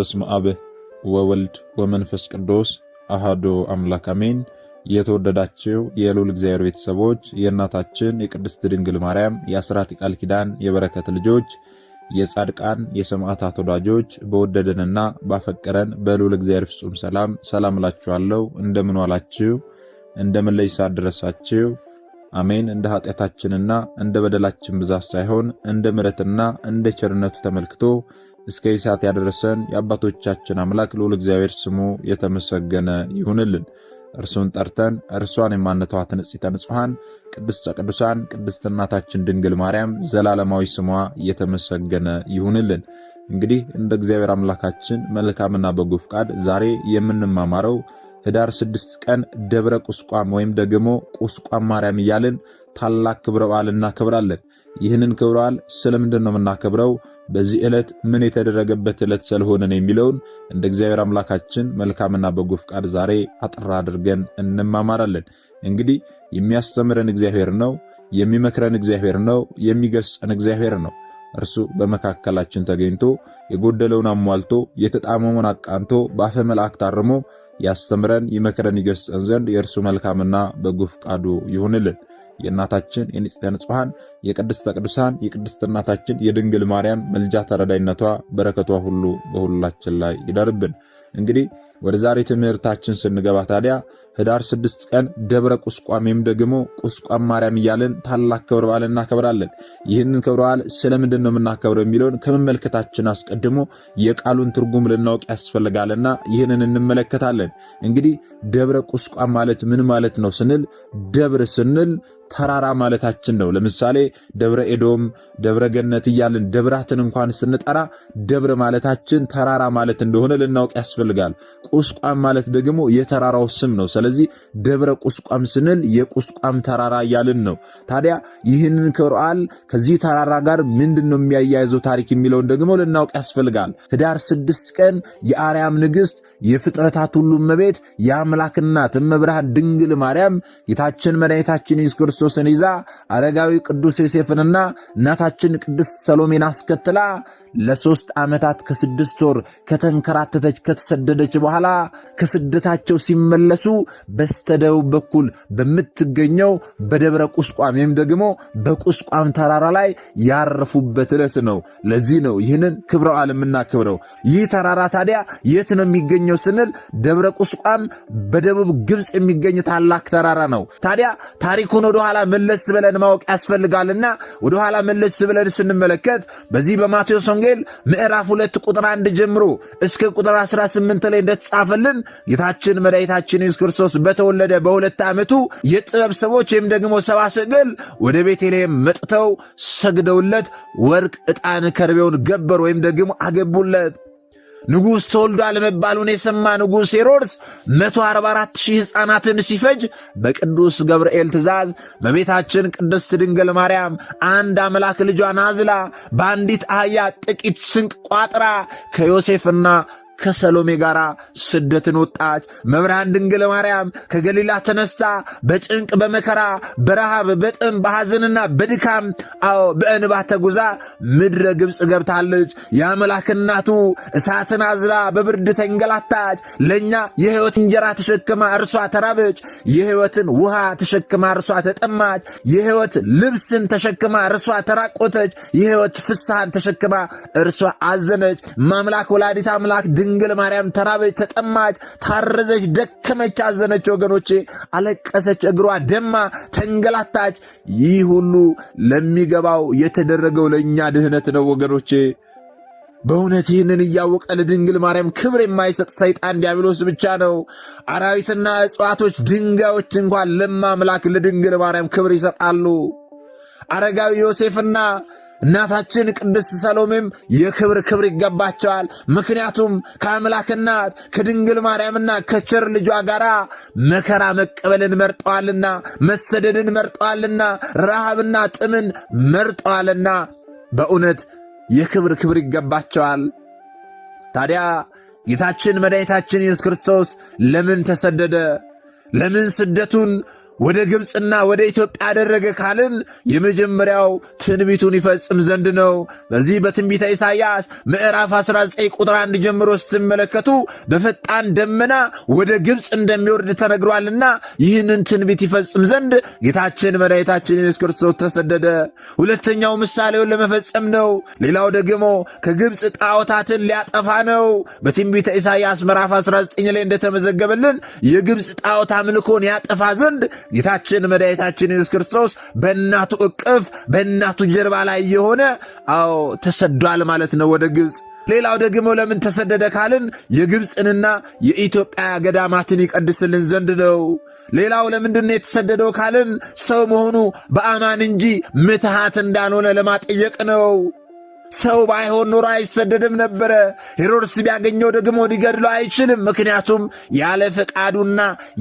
በስመ አብ ወወልድ ወመንፈስ ቅዱስ አሃዶ አምላክ አሜን። የተወደዳችሁ የልዑል እግዚአብሔር ቤተሰቦች የእናታችን የቅድስት ድንግል ማርያም የአስራት ቃል ኪዳን የበረከት ልጆች የጻድቃን የሰማዕታት ወዳጆች በወደደንና ባፈቀረን በልዑል እግዚአብሔር ፍጹም ሰላም ሰላም እላችኋለሁ። እንደምን ዋላችሁ? እንደምን ለይሳ አሜን። እንደ ኃጢአታችንና እንደ በደላችን ብዛት ሳይሆን እንደ ምሕረትና እንደ ቸርነቱ ተመልክቶ እስከዚህ ሰዓት ያደረሰን የአባቶቻችን አምላክ ልዑል እግዚአብሔር ስሙ የተመሰገነ ይሁንልን። እርሱን ጠርተን እርሷን የማንተዋት ንጽሕተ ንጹሐን ቅድስተ ቅዱሳን ቅድስት እናታችን ድንግል ማርያም ዘላለማዊ ስሟ እየተመሰገነ ይሁንልን። እንግዲህ እንደ እግዚአብሔር አምላካችን መልካምና በጎ ፍቃድ ዛሬ የምንማማረው ህዳር ስድስት ቀን ደብረ ቁስቋም ወይም ደግሞ ቁስቋም ማርያም እያልን ታላቅ ክብረ በዓል እናከብራለን። ይህንን ክብረ በዓል ስለምንድን ነው የምናከብረው? በዚህ ዕለት ምን የተደረገበት ዕለት ስለሆነን የሚለውን እንደ እግዚአብሔር አምላካችን መልካምና በጎ ፍቃድ ዛሬ አጥራ አድርገን እንማማራለን። እንግዲህ የሚያስተምረን እግዚአብሔር ነው፣ የሚመክረን እግዚአብሔር ነው፣ የሚገስጸን እግዚአብሔር ነው። እርሱ በመካከላችን ተገኝቶ የጎደለውን አሟልቶ የተጣመመን አቃንቶ በአፈ መላእክት አርሞ ያስተምረን፣ ይመክረን፣ ይገስጸን ዘንድ የእርሱ መልካምና በጎ ፍቃዱ ይሁንልን። የእናታችን የንጽሕተ ንጹሐን የቅድስተ ቅዱሳን የቅድስት እናታችን የድንግል ማርያም መልጃ ተረዳይነቷ በረከቷ ሁሉ በሁላችን ላይ ይደርብን። እንግዲህ ወደ ዛሬ ትምህርታችን ስንገባ ታዲያ ህዳር ስድስት ቀን ደብረ ቁስቋም ወይም ደግሞ ቁስቋም ማርያም እያለን ታላቅ ክብረ በዓል እናከብራለን። ይህንን ክብረ በዓል ስለምንድን ነው የምናከብረው የሚለውን ከመመልከታችን አስቀድሞ የቃሉን ትርጉም ልናውቅ ያስፈልጋልና ይህንን እንመለከታለን። እንግዲህ ደብረ ቁስቋም ማለት ምን ማለት ነው ስንል ደብር ስንል ተራራ ማለታችን ነው። ለምሳሌ ደብረ ኤዶም፣ ደብረ ገነት እያልን ደብራትን እንኳን ስንጠራ ደብር ማለታችን ተራራ ማለት እንደሆነ ልናውቅ ያስፈልጋል። ቁስቋም ማለት ደግሞ የተራራው ስም ነው። ስለዚህ ደብረ ቁስቋም ስንል የቁስቋም ተራራ እያልን ነው። ታዲያ ይህንን ቁርአን ከዚህ ተራራ ጋር ምንድን ነው የሚያያይዘው ታሪክ የሚለውን ደግሞ ልናውቅ ያስፈልጋል። ህዳር ስድስት ቀን የአርያም ንግሥት የፍጥረታት ሁሉ እመቤት የአምላክ እናት እመብርሃን ድንግል ማርያም ጌታችን መድኃኒታችን ኢየሱስ ክርስቶስን ይዛ አረጋዊ ቅዱስ ዮሴፍንና እናታችን ቅድስት ሰሎሜን አስከትላ ለሶስት ዓመታት ከስድስት ወር ከተንከራተተች ከተሰደደች በኋላ ከስደታቸው ሲመለሱ በስተደቡብ በኩል በምትገኘው በደብረ ቁስቋም ወይም ደግሞ በቁስቋም ተራራ ላይ ያረፉበት ዕለት ነው። ለዚህ ነው ይህንን ክብረ በዓል ክብረው ይህ ተራራ ታዲያ የት ነው የሚገኘው ስንል ደብረ ቁስቋም በደቡብ ግብፅ የሚገኝ ታላቅ ተራራ ነው። ታዲያ ታሪኩን ወደኋላ መለስ ብለን ማወቅ ያስፈልጋልና ወደኋላ መለስ ብለን ስንመለከት በዚህ በማቴዎስ ወንጌል ምዕራፍ ሁለት ቁጥር አንድ ጀምሮ እስከ ቁጥር 18 ላይ እንደተጻፈልን ጌታችን መድኃኒታችን ኢየሱስ ክርስቶስ ክርስቶስ በተወለደ በሁለት ዓመቱ የጥበብ ሰዎች ወይም ደግሞ ሰብአ ሰገል ወደ ቤተልሔም መጥተው ሰግደውለት ወርቅ፣ ዕጣን፣ ከርቤውን ገበሩ ወይም ደግሞ አገቡለት። ንጉሥ ተወልዷል መባሉን የሰማ ንጉሥ ሄሮድስ 144 ሺህ ሕፃናትን ሲፈጅ በቅዱስ ገብርኤል ትእዛዝ በቤታችን ቅድስት ድንግል ማርያም አንድ አምላክ ልጇን አዝላ በአንዲት አህያ ጥቂት ስንቅ ቋጥራ ከዮሴፍና ከሰሎሜ ጋር ስደትን ወጣች። መብርሃን ድንግል ማርያም ከገሊላ ተነስታ በጭንቅ በመከራ በረሃብ በጥም በሐዘንና በድካም አዎ በእንባ ተጉዛ ምድረ ግብፅ ገብታለች። የአምላክ እናቱ እሳትን አዝላ በብርድ ተንገላታች። ለእኛ የሕይወት እንጀራ ተሸክማ እርሷ ተራበች። የሕይወትን ውሃ ተሸክማ እርሷ ተጠማች። የሕይወት ልብስን ተሸክማ እርሷ ተራቆተች። የሕይወት ፍስሐን ተሸክማ እርሷ አዘነች። ማምላክ ወላዲት አምላክ ድንግ ድንግል ማርያም ተራበች፣ ተጠማች፣ ታረዘች፣ ደከመች፣ አዘነች፣ ወገኖቼ አለቀሰች፣ እግሯ ደማ፣ ተንገላታች። ይህ ሁሉ ለሚገባው የተደረገው ለእኛ ድህነት ነው ወገኖቼ። በእውነት ይህንን እያወቀ ለድንግል ማርያም ክብር የማይሰጥ ሰይጣን ዲያብሎስ ብቻ ነው። አራዊትና እጽዋቶች፣ ድንጋዮች እንኳን ለማምላክ ለድንግል ማርያም ክብር ይሰጣሉ። አረጋዊ ዮሴፍና እናታችን ቅድስት ሰሎሜም የክብር ክብር ይገባቸዋል። ምክንያቱም ከአምላክ እናት ከድንግል ማርያምና ከቸር ልጇ ጋር መከራ መቀበልን መርጠዋልና፣ መሰደድን መርጠዋልና፣ ረሃብና ጥምን መርጠዋልና በእውነት የክብር ክብር ይገባቸዋል። ታዲያ ጌታችን መድኃኒታችን ኢየሱስ ክርስቶስ ለምን ተሰደደ? ለምን ስደቱን ወደ ግብፅና ወደ ኢትዮጵያ አደረገ ካልን የመጀመሪያው ትንቢቱን ይፈጽም ዘንድ ነው። በዚህ በትንቢተ ኢሳይያስ ምዕራፍ 19 ቁጥር 1 ጀምሮ ስትመለከቱ በፈጣን ደመና ወደ ግብፅ እንደሚወርድ ተነግሯልና ይህንን ትንቢት ይፈጽም ዘንድ ጌታችን መድኃኒታችን ኢየሱስ ክርስቶስ ተሰደደ። ሁለተኛው ምሳሌውን ለመፈጸም ነው። ሌላው ደግሞ ከግብፅ ጣዖታትን ሊያጠፋ ነው። በትንቢተ ኢሳይያስ ምዕራፍ 19 ላይ እንደተመዘገበልን የግብፅ ጣዖት አምልኮን ያጠፋ ዘንድ ጌታችን መድኃኒታችን ኢየሱስ ክርስቶስ በእናቱ እቅፍ በእናቱ ጀርባ ላይ የሆነ አዎ ተሰዷል ማለት ነው ወደ ግብፅ። ሌላው ደግሞ ለምን ተሰደደ ካልን የግብፅንና የኢትዮጵያ ገዳማትን ይቀድስልን ዘንድ ነው። ሌላው ለምንድን የተሰደደው ካልን ሰው መሆኑ በአማን እንጂ ምትሃት እንዳልሆነ ለማጠየቅ ነው። ሰው ባይሆን ኖሮ አይሰደድም ነበረ። ሄሮድስ ቢያገኘው ደግሞ ሊገድሎ አይችልም። ምክንያቱም ያለ ፈቃዱና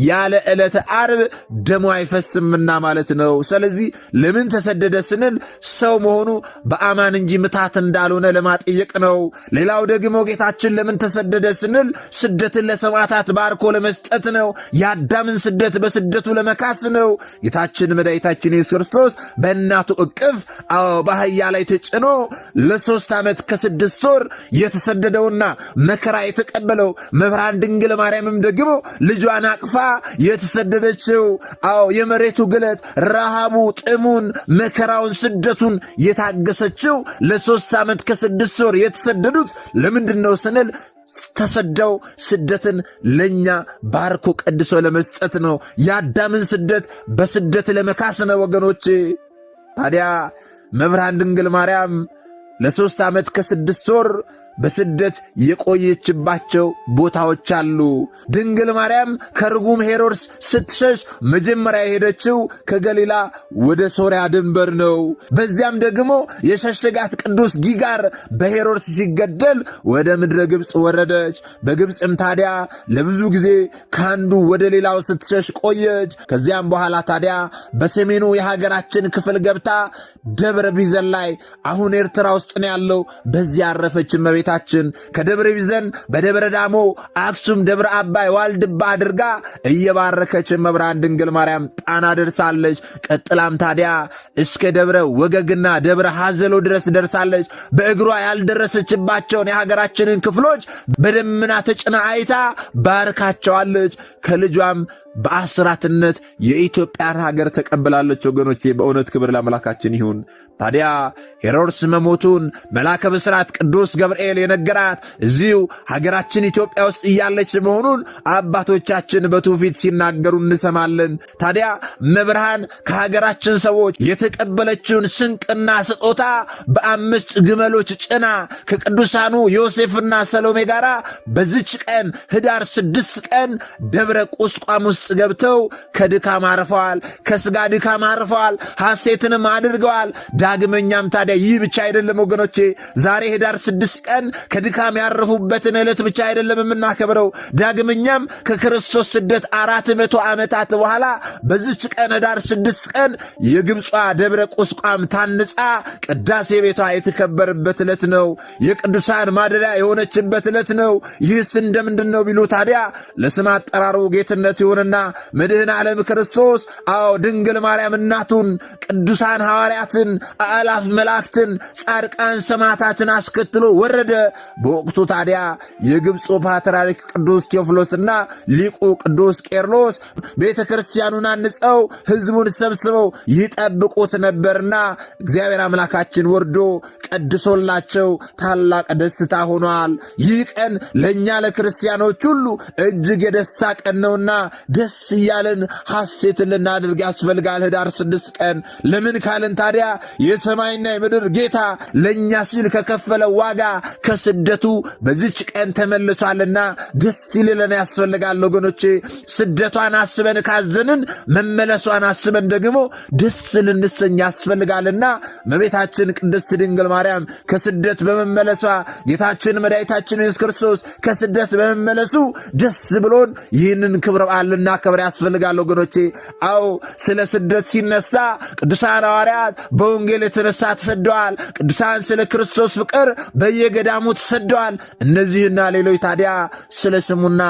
ያለ ዕለተ አርብ ደሞ አይፈስምና ማለት ነው። ስለዚህ ለምን ተሰደደ ስንል ሰው መሆኑ በአማን እንጂ ምታት እንዳልሆነ ለማጠየቅ ነው። ሌላው ደግሞ ጌታችን ለምን ተሰደደ ስንል ስደትን ለሰማዕታት ባርኮ ለመስጠት ነው። የአዳምን ስደት በስደቱ ለመካስ ነው። ጌታችን መድኃኒታችን ኢየሱስ ክርስቶስ በእናቱ እቅፍ አዎ፣ በአህያ ላይ ተጭኖ ለሶስት ዓመት ከስድስት ወር የተሰደደውና መከራ የተቀበለው መብራን ድንግል ማርያምም ደግሞ ልጇን አቅፋ የተሰደደችው አዎ የመሬቱ ግለት ረሃቡ፣ ጥሙን፣ መከራውን፣ ስደቱን የታገሰችው ለሶስት ዓመት ከስድስት ወር የተሰደዱት ለምንድን ነው ስንል ተሰደው ስደትን ለእኛ ባርኮ ቀድሶ ለመስጠት ነው። የአዳምን ስደት በስደት ለመካስ ነው ወገኖቼ። ታዲያ መብርሃን ድንግል ማርያም ለሦስት ዓመት ከስድስት ወር በስደት የቆየችባቸው ቦታዎች አሉ። ድንግል ማርያም ከርጉም ሄሮድስ ስትሸሽ መጀመሪያ የሄደችው ከገሊላ ወደ ሶርያ ድንበር ነው። በዚያም ደግሞ የሸሸጋት ቅዱስ ጊጋር በሄሮድስ ሲገደል ወደ ምድረ ግብፅ ወረደች። በግብፅም ታዲያ ለብዙ ጊዜ ከአንዱ ወደ ሌላው ስትሸሽ ቆየች። ከዚያም በኋላ ታዲያ በሰሜኑ የሀገራችን ክፍል ገብታ ደብረ ቢዘን ላይ አሁን ኤርትራ ውስጥ ነው ያለው በዚያ አረፈች እመቤታ እመቤታችን ከደብረ ቢዘን በደብረ ዳሞ አክሱም ደብረ አባይ ዋልድባ አድርጋ እየባረከች መብርሃን ድንግል ማርያም ጣና ደርሳለች። ቀጥላም ታዲያ እስከ ደብረ ወገግና ደብረ ሐዘሎ ድረስ ደርሳለች። በእግሯ ያልደረሰችባቸውን የሀገራችንን ክፍሎች በደመና ተጭና አይታ ባርካቸዋለች። ከልጇም በአስራትነት የኢትዮጵያን ሀገር ተቀብላለች። ወገኖቼ በእውነት ክብር ለአምላካችን ይሁን። ታዲያ ሄሮድስ መሞቱን መልአከ ብስራት ቅዱስ ገብርኤል የነገራት እዚሁ ሀገራችን ኢትዮጵያ ውስጥ እያለች መሆኑን አባቶቻችን በትውፊት ሲናገሩ እንሰማለን። ታዲያ መብርሃን ከሀገራችን ሰዎች የተቀበለችውን ስንቅና ስጦታ በአምስት ግመሎች ጭና ከቅዱሳኑ ዮሴፍና ሰሎሜ ጋር በዚች ቀን ህዳር ስድስት ቀን ደብረ ቁስቋም ውስጥ ገብተው ከድካም አርፈዋል፣ ከስጋ ድካም አርፈዋል፣ ሐሴትንም አድርገዋል። ዳግመኛም ታዲያ ይህ ብቻ አይደለም ወገኖቼ፣ ዛሬ ህዳር ስድስት ቀን ከድካም ያረፉበትን ዕለት ብቻ አይደለም የምናከብረው። ዳግመኛም ከክርስቶስ ስደት አራት መቶ ዓመታት በኋላ በዚች ቀን ህዳር ስድስት ቀን የግብጿ ደብረ ቁስቋም ታንጻ ቅዳሴ ቤቷ የተከበረበት ዕለት ነው። የቅዱሳን ማደሪያ የሆነችበት ዕለት ነው። ይህስ እንደምንድን ነው ቢሉ ታዲያ ለስም አጠራሩ ጌትነት የሆነ ነውና ምድህን ዓለም ክርስቶስ። አዎ ድንግል ማርያም እናቱን፣ ቅዱሳን ሐዋርያትን፣ አእላፍ መላእክትን፣ ጻድቃን ሰማዕታትን አስከትሎ ወረደ። በወቅቱ ታዲያ የግብፁ ፓትርያርክ ቅዱስ ቴዎፍሎስና ሊቁ ቅዱስ ቄርሎስ ቤተ ክርስቲያኑን አንጸው ሕዝቡን ሰብስበው ይጠብቁት ነበርና እግዚአብሔር አምላካችን ወርዶ ቀድሶላቸው ታላቅ ደስታ ሆኗል። ይህ ቀን ለእኛ ለክርስቲያኖች ሁሉ እጅግ የደስታ ቀን ነውና ደስ እያለን ሐሴት ልናደርግ ያስፈልጋል። ህዳር ስድስት ቀን ለምን ካልን ታዲያ የሰማይና የምድር ጌታ ለእኛ ሲል ከከፈለ ዋጋ ከስደቱ በዚች ቀን ተመልሷልና ደስ ይልለን ያስፈልጋል ወገኖቼ። ስደቷን አስበን ካዘንን መመለሷን አስበን ደግሞ ደስ ልንሰኝ ያስፈልጋልና መቤታችን ቅድስት ድንግል ማርያም ከስደት በመመለሷ ጌታችን መድኃኒታችን ኢየሱስ ክርስቶስ ከስደት በመመለሱ ደስ ብሎን ይህንን ክብረ በዓልና ልናከብር ያስፈልጋል ወገኖቼ። አዎ ስለ ስደት ሲነሳ ቅዱሳን ሐዋርያት በወንጌል የተነሳ ተሰደዋል። ቅዱሳን ስለ ክርስቶስ ፍቅር በየገዳሙ ተሰደዋል። እነዚህና ሌሎች ታዲያ ስለ ስሙና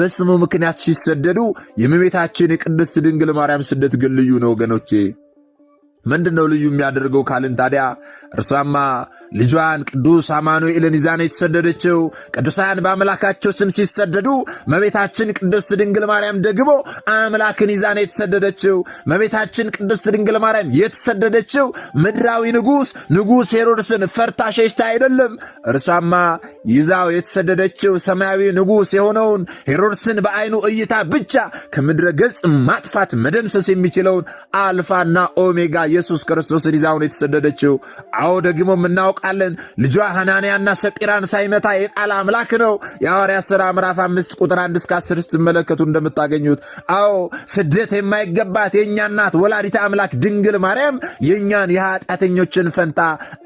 በስሙ ምክንያት ሲሰደዱ የእመቤታችን የቅድስት ድንግል ማርያም ስደት ግን ልዩ ነው ወገኖቼ። ምንድን ነው ልዩ የሚያደርገው ካልን ታዲያ እርሷማ ልጇን ቅዱስ አማኑኤልን ይዛ ነው የተሰደደችው። ቅዱሳን በአምላካቸው ስም ሲሰደዱ መቤታችን ቅድስት ድንግል ማርያም ደግሞ አምላክን ይዛ ነው የተሰደደችው። መቤታችን ቅድስት ድንግል ማርያም የተሰደደችው ምድራዊ ንጉሥ ንጉሥ ሄሮድስን ፈርታ ሸሽታ አይደለም። እርሷማ ይዛው የተሰደደችው ሰማያዊ ንጉሥ የሆነውን ሄሮድስን በአይኑ እይታ ብቻ ከምድረ ገጽ ማጥፋት መደምሰስ የሚችለውን አልፋና ኦሜጋ ኢየሱስ ክርስቶስ ይዛ የተሰደደችው። አዎ ደግሞም እናውቃለን ልጇ ሐናንያና ሰጲራን ሳይመታ የቃል አምላክ ነው። የሐዋርያት ሥራ ምዕራፍ አምስት ቁጥር አንድ እስከ አስር ስትመለከቱ እንደምታገኙት። አዎ ስደት የማይገባት የእኛ እናት ወላዲተ አምላክ ድንግል ማርያም የእኛን የኃጢአተኞችን ፈንታ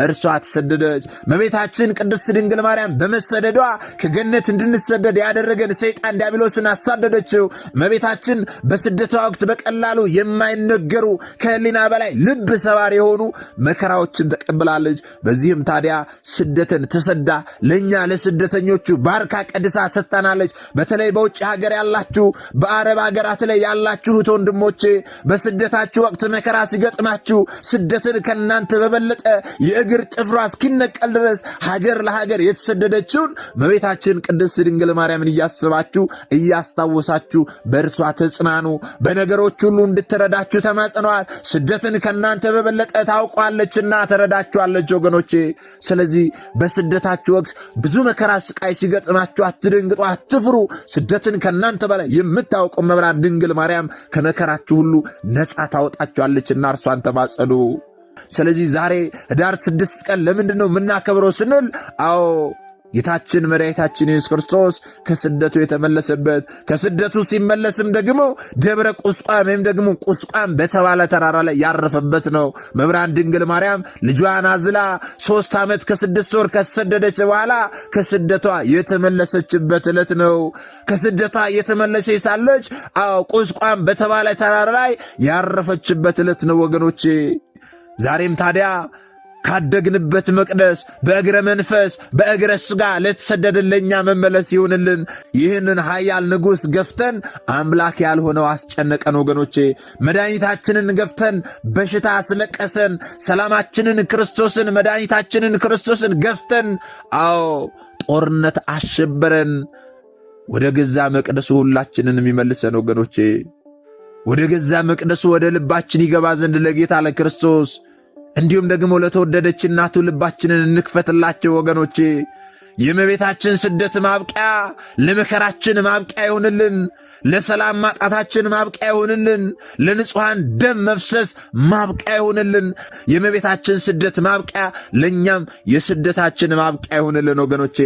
እርሷ ተሰደደች። መቤታችን ቅድስት ድንግል ማርያም በመሰደዷ ከገነት እንድንሰደድ ያደረገን ሰይጣን ዲያብሎስን አሳደደችው። መቤታችን በስደቷ ወቅት በቀላሉ የማይነገሩ ከህሊና በላይ ልብ ሰባሪ የሆኑ መከራዎችን ተቀብላለች። በዚህም ታዲያ ስደትን ተሰዳ ለእኛ ለስደተኞቹ ባርካ ቀድሳ ሰጥታናለች። በተለይ በውጭ ሀገር ያላችሁ፣ በአረብ ሀገራት ላይ ያላችሁ እህት ወንድሞቼ በስደታችሁ ወቅት መከራ ሲገጥማችሁ ስደትን ከእናንተ በበለጠ የእግር ጥፍሯ እስኪነቀል ድረስ ሀገር ለሀገር የተሰደደችውን እመቤታችን ቅድስት ድንግል ማርያምን እያስባችሁ እያስታወሳችሁ በእርሷ ተጽናኑ። በነገሮች ሁሉ እንድትረዳችሁ ተማጽነዋል። ስደትን ከና ከእናንተ በበለጠ ታውቋለችና ተረዳችኋለች ወገኖቼ። ስለዚህ በስደታችሁ ወቅት ብዙ መከራ፣ ስቃይ ሲገጥማችሁ አትደንግጡ፣ አትፍሩ። ስደትን ከእናንተ በላይ የምታውቀው መብራት ድንግል ማርያም ከመከራችሁ ሁሉ ነፃ ታወጣችኋለችና እርሷን ተማጸኑ። ስለዚህ ዛሬ ህዳር ስድስት ቀን ለምንድን ነው የምናከብረው ስንል አዎ ጌታችን መድኃኒታችን ኢየሱስ ክርስቶስ ከስደቱ የተመለሰበት ከስደቱ ሲመለስም ደግሞ ደብረ ቁስቋም ወይም ደግሞ ቁስቋም በተባለ ተራራ ላይ ያረፈበት ነው። መብራን ድንግል ማርያም ልጇን አዝላ ሶስት ዓመት ከስድስት ወር ከተሰደደች በኋላ ከስደቷ የተመለሰችበት ዕለት ነው። ከስደቷ የተመለሰች ሳለች ቁስቋም በተባለ ተራራ ላይ ያረፈችበት ዕለት ነው ወገኖቼ ዛሬም ታዲያ ካደግንበት መቅደስ በእግረ መንፈስ በእግረ ሥጋ ለእኛ መመለስ ይሁንልን። ይህንን ኃያል ንጉሥ ገፍተን አምላክ ያልሆነው አስጨነቀን። ወገኖቼ መድኃኒታችንን ገፍተን በሽታ አስለቀሰን። ሰላማችንን ክርስቶስን መድኃኒታችንን ክርስቶስን ገፍተን፣ አዎ ጦርነት አሸበረን። ወደ ገዛ መቅደሱ ሁላችንን የሚመልሰን ወገኖቼ ወደ ገዛ መቅደሱ ወደ ልባችን ይገባ ዘንድ ለጌታ ለክርስቶስ እንዲሁም ደግሞ ለተወደደች እናቱ ልባችንን እንክፈትላቸው ወገኖቼ። የእመቤታችን ስደት ማብቂያ ለመከራችን ማብቂያ ይሆንልን ለሰላም ማጣታችን ማብቂያ ይሆንልን ለንጹሐን ደም መፍሰስ ማብቂያ ይሆንልን የእመቤታችን ስደት ማብቂያ ለእኛም የስደታችን ማብቂያ ይሆንልን ወገኖቼ።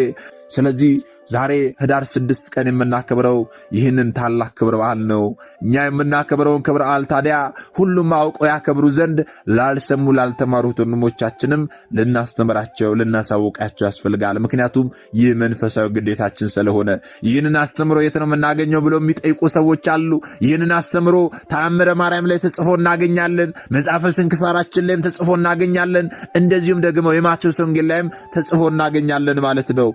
ስለዚህ ዛሬ ህዳር ስድስት ቀን የምናከብረው ይህንን ታላቅ ክብረ በዓል ነው። እኛ የምናከብረውን ክብረ በዓል ታዲያ ሁሉም አውቀው ያከብሩ ዘንድ ላልሰሙ፣ ላልተማሩት ወንድሞቻችንም ልናስተምራቸው፣ ልናሳውቃቸው ያስፈልጋል። ምክንያቱም ይህ መንፈሳዊ ግዴታችን ስለሆነ ይህንን አስተምሮ የት ነው የምናገኘው ብሎ የሚጠይቁ ሰዎች አሉ። ይህንን አስተምሮ ተአምረ ማርያም ላይ ተጽፎ እናገኛለን። መጽሐፈ ስንክሳራችን ላይም ተጽፎ እናገኛለን። እንደዚሁም ደግሞ የማቴዎስ ወንጌል ላይም ተጽፎ እናገኛለን ማለት ነው።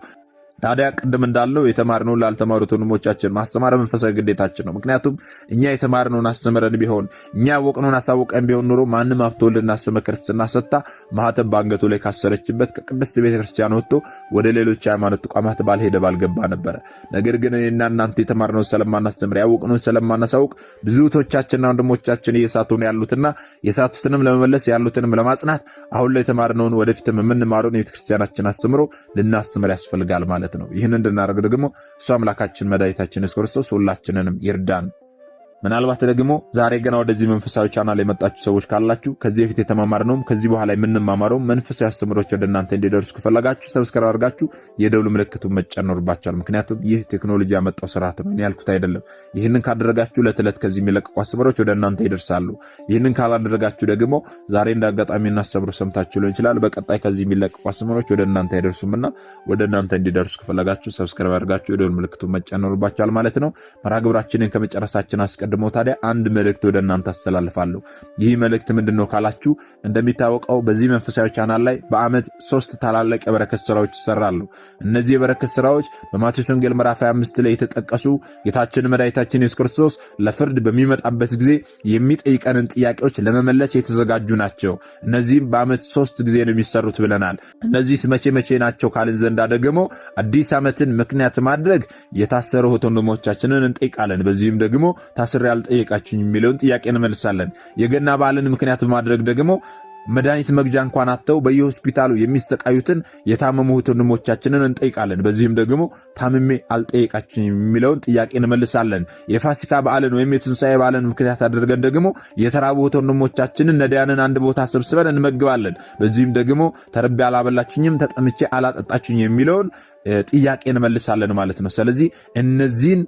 ታዲያ ቅድም እንዳለው የተማርነውን ላልተማሩት ወንድሞቻችን ማስተማር መንፈሳዊ ግዴታችን ነው። ምክንያቱም እኛ የተማርነውን አስተምረን ቢሆን እኛ ያወቅነውን አሳውቀን ቢሆን ኑሮ ማንም ሀብተወልድና ስመ ስናሰታ ሰጥታ ማህተብ በአንገቱ ላይ ካሰረችበት ከቅድስት ቤተክርስቲያን ወጥቶ ወደ ሌሎች ሃይማኖት ተቋማት ባልሄደ ባልገባ ነበረ። ነገር ግን እኔና እናንተ የተማርነውን ስለማናስተምር ያወቅነውን ስለማናሳውቅ ብዙ እህቶቻችንና ወንድሞቻችን እየሳቱን ያሉትና የሳቱትንም ለመመለስ ያሉትንም ለማጽናት አሁን ላይ የተማርነውን ወደፊትም የምንማረውን የቤተክርስቲያናችን አስተምሮ ልናስተምር ያስፈልጋል ማለት ማለት ነው። ይህን እንድናደርግ ደግሞ እሱ አምላካችን መድኃኒታችን ኢየሱስ ክርስቶስ ሁላችንንም ይርዳን። ምናልባት ደግሞ ዛሬ ገና ወደዚህ መንፈሳዊ ቻናል የመጣችሁ ሰዎች ካላችሁ ከዚህ በፊት የተማማርነውም ከዚህ በኋላ የምንማማረው መንፈሳዊ አስተምሮች ወደ እናንተ እንዲደርሱ ከፈለጋችሁ ሰብስክራይብ አድርጋችሁ የደውል ምልክቱ መጫን ይኖርባችኋል። ምክንያቱም ይህ ቴክኖሎጂ ያመጣው ስርዓት ነው፣ እኔ ያልኩት አይደለም። ይህንን ካደረጋችሁ ዕለት ዕለት ከዚህ የሚለቀቁ አስተምሮች ወደ እናንተ ይደርሳሉ። ይህንን ካላደረጋችሁ ደግሞ ዛሬ እንደ አጋጣሚ እናሰብሮ ሰምታችሁ ሊሆን ይችላል፣ በቀጣይ ከዚህ የሚለቀቁ አስተምሮች ወደ እናንተ አይደርሱምና ወደ እናንተ እንዲደርሱ ከፈለጋችሁ ሰብስክራይብ አድርጋችሁ የደውል ምልክቱ መጫን ይኖርባችኋል ማለት ነው። መርሃ ግብራችንን ከመጨረሳችን አስቀ አስቀድሞ ታዲያ አንድ መልእክት ወደ እናንተ አስተላልፋለሁ። ይህ መልእክት ምንድን ነው ካላችሁ እንደሚታወቀው በዚህ መንፈሳዊ ቻናል ላይ በዓመት ሶስት ታላላቅ የበረከት ስራዎች ይሰራሉ። እነዚህ የበረከት ስራዎች በማቴዎስ ወንጌል ምዕራፍ 25 ላይ የተጠቀሱ ጌታችን መድኃኒታችን ኢየሱስ ክርስቶስ ለፍርድ በሚመጣበት ጊዜ የሚጠይቀንን ጥያቄዎች ለመመለስ የተዘጋጁ ናቸው። እነዚህም በዓመት ሶስት ጊዜ ነው የሚሰሩት ብለናል። እነዚህ መቼ መቼ ናቸው ካልን ዘንዳ ደግሞ አዲስ ዓመትን ምክንያት ማድረግ የታሰሩ ወንድሞቻችንን እንጠይቃለን። በዚህም ደግሞ ታስር አበስሬ አልጠየቃችሁኝ የሚለውን ጥያቄ እንመልሳለን። የገና በዓልን ምክንያት በማድረግ ደግሞ መድኃኒት መግዣ እንኳን አጥተው በየሆስፒታሉ የሚሰቃዩትን የታመሙት ወንድሞቻችንን እንጠይቃለን። በዚህም ደግሞ ታምሜ አልጠየቃችን የሚለውን ጥያቄ እንመልሳለን። የፋሲካ በዓልን ወይም የትንሣኤ በዓልን ምክንያት አድርገን ደግሞ የተራቡት ወንድሞቻችንን ነዳያንን አንድ ቦታ ሰብስበን እንመግባለን። በዚህም ደግሞ ተርቤ አላበላችኝም፣ ተጠምቼ አላጠጣችኝ የሚለውን ጥያቄ እንመልሳለን ማለት ነው። ስለዚህ እነዚህን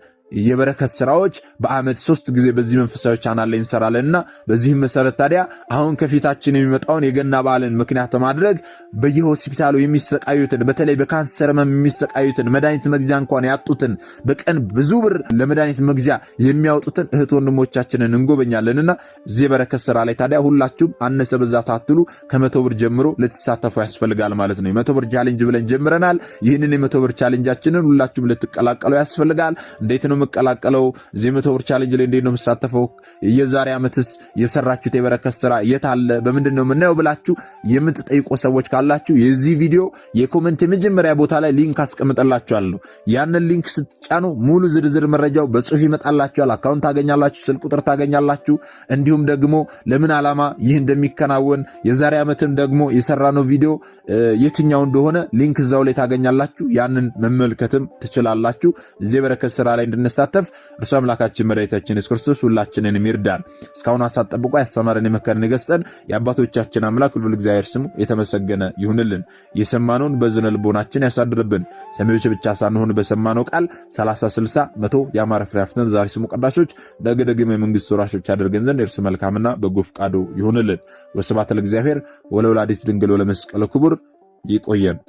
የበረከት ስራዎች በአመት ሶስት ጊዜ በዚህ መንፈሳዊ ቻናል ላይ እንሰራለንና በዚህም መሰረት ታዲያ አሁን ከፊታችን የሚመጣውን የገና በዓልን ምክንያት በማድረግ በየሆስፒታሉ የሚሰቃዩትን በተለይ በካንሰር ህመም የሚሰቃዩትን መድኃኒት መግዣ እንኳን ያጡትን በቀን ብዙ ብር ለመድኃኒት መግዣ የሚያወጡትን እህት ወንድሞቻችንን እንጎበኛለንና እዚህ የበረከት ስራ ላይ ታዲያ ሁላችሁም አነሰ በዛ ታትሉ ከመቶ ብር ጀምሮ ልትሳተፉ ያስፈልጋል ማለት ነው። የመቶ ብር ቻሌንጅ ብለን ጀምረናል። ይህንን የመቶ ብር ቻሌንጃችንን ሁላችሁም ልትቀላቀሉ ያስፈልጋል። እንዴት ነው ነው የምቀላቀለው? እዚህ መቶ ብር ቻሌንጅ ላይ እንዴት ነው የምሳተፈው? የዛሬ ዓመትስ የሰራችሁት የበረከት ስራ የት አለ? በምንድን ነው የምናየው? ብላችሁ የምትጠይቁ ሰዎች ካላችሁ የዚህ ቪዲዮ የኮመንት የመጀመሪያ ቦታ ላይ ሊንክ አስቀምጠላችኋለሁ። ያንን ሊንክ ስትጫኑ ሙሉ ዝርዝር መረጃው በጽሁፍ ይመጣላችኋል። አካውንት ታገኛላችሁ፣ ስልክ ቁጥር ታገኛላችሁ። እንዲሁም ደግሞ ለምን ዓላማ ይህ እንደሚከናወን የዛሬ ዓመትም ደግሞ የሰራነው ቪዲዮ የትኛው እንደሆነ ሊንክ እዛው ላይ ታገኛላችሁ። ያንን መመልከትም ትችላላችሁ። እዚህ የበረከት ስራ ላይ እንድንሳተፍ እርሱ አምላካችን መድኃኒታችን ኢየሱስ ክርስቶስ ሁላችንን ይርዳን። እስካሁን አሳት ጠብቆ ያስተማረን የመከረን የገሰጸን የአባቶቻችን አምላክ ልዑል እግዚአብሔር ስሙ የተመሰገነ ይሁንልን። የሰማነውን በዝነ ልቦናችን ያሳድርብን። ሰሚዎች ብቻ ሳንሆን በሰማነው ቃል 30፣ 60፣ መቶ የአማረ ፍሬ አፍርተን ዛሬ ስሙ ቀዳሾች ነገ ደግሞ የመንግስት ወራሾች ያደርገን ዘንድ እርሱ መልካምና በጎ ፈቃዱ ይሁንልን። ወስብሐት ለእግዚአብሔር ወለወላዲቱ ድንግል ወለመስቀሉ ክቡር ይቆየን።